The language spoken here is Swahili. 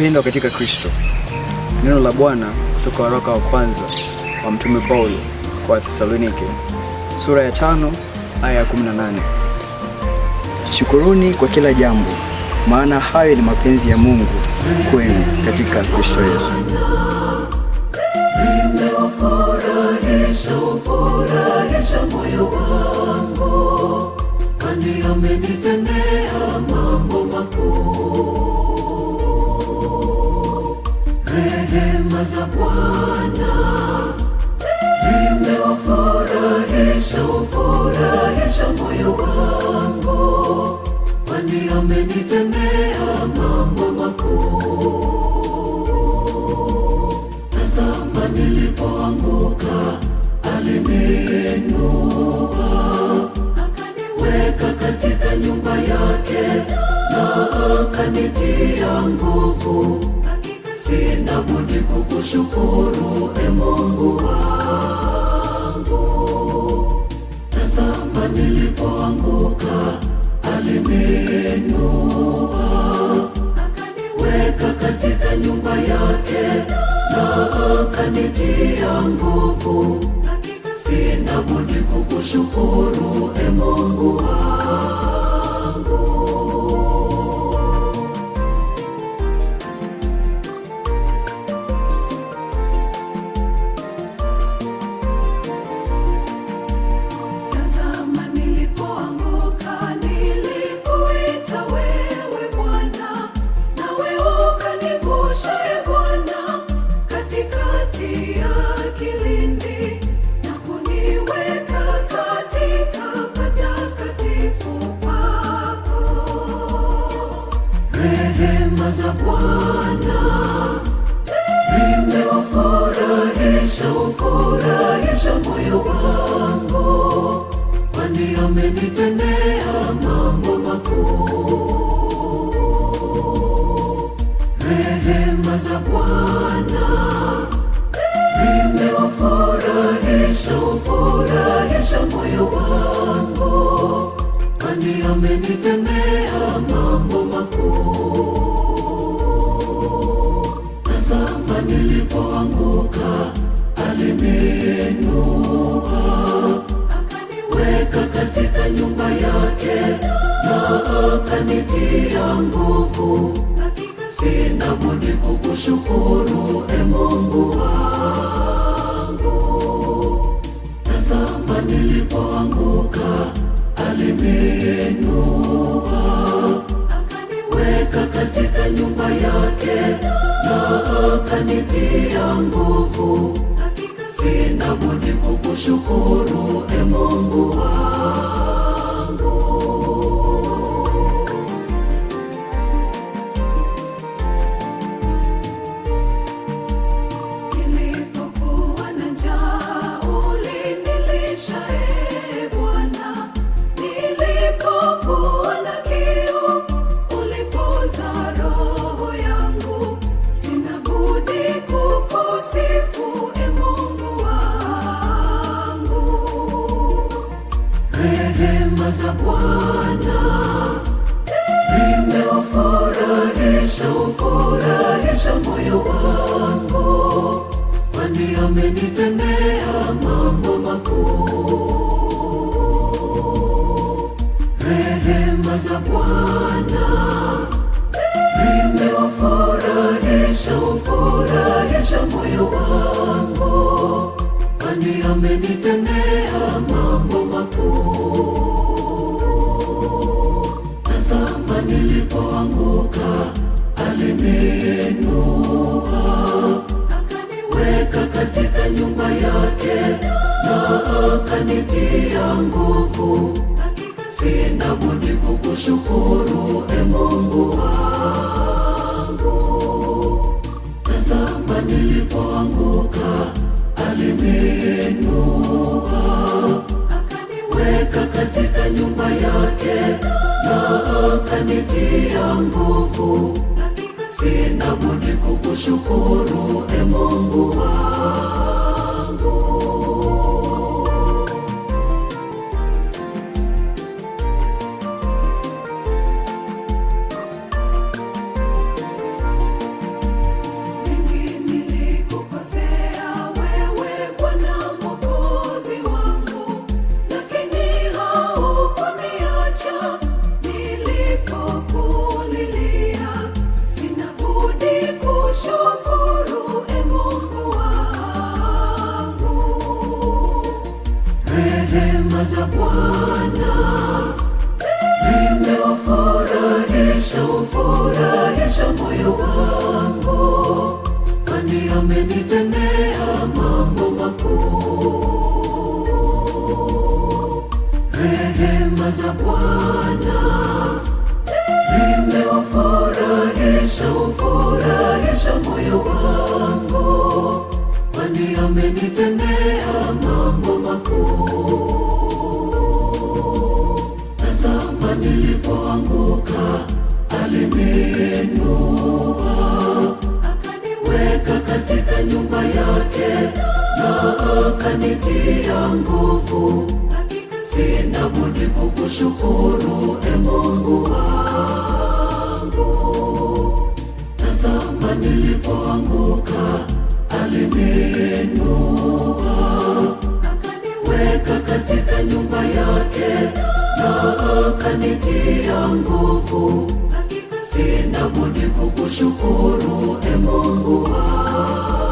Wapendwa katika Kristo, neno la Bwana kutoka waraka wa kwanza wa mtume Paulo kwa thesalonike sura ya tano aya ya 18. Shukuruni kwa kila jambo, maana hayo ni mapenzi ya Mungu kwenu katika Kristo Yesu. kufurahisha moyo wangu, kwani amenitendea mambo makuu. Tazama, nilipoanguka aliniinua, akaniweka katika nyumba yake na akanitia nguvu. Sina budi kukushukuru, e Mungu wangu nilipoanguka aliniinua, akaniweka katika nyumba yake na akanitia nguvu. Sina budi kukushukuru, e Mungu wangu. za Bwana zimewafurahisha ufurahisha moyo wangu, kwani amenitendea mambo makuu. Rehema za Bwana zimewafurahisha ufurahisha moyo wangu, kwani amenitendea ameniinua akaniweka katika nyumba yake na akanitia nguvu, sina budi kukushukuru e Mungu wangu. Tazama, nilipoanguka aliniinua akaniweka katika nyumba yake na akanitia nguvu Sina budi kukushukuru, e Mungu wangu. Rehema za Bwana zimewafurahisha, ufurahisha moyo wangu, kwani amenitendea mambo makuu. Rehema za Bwana zimewafurahisha, ufurahisha moyo wangu, kwani amenitendea kanitia nguvu, sina budi kukushukuru e Mungu wangu. Tazama nilipoanguka, aliniinua, akaniweka katika nyumba yake na akanitia nguvu, sina budi kukushukuru e Mungu wangu. Sifa za Bwana zimewafurahisha, ufurahisha moyo wangu, kwani amenitendea mambo makuu. Rehema za Bwana aliniinua akaniweka katika nyumba yake na akanitia nguvu. Sina budi kukushukuru e Mungu wangu. Tazama nilipoanguka, aliniinua akaniweka katika nyumba yake na akanitia nguvu sina budi kukushukuru e Mungu wangu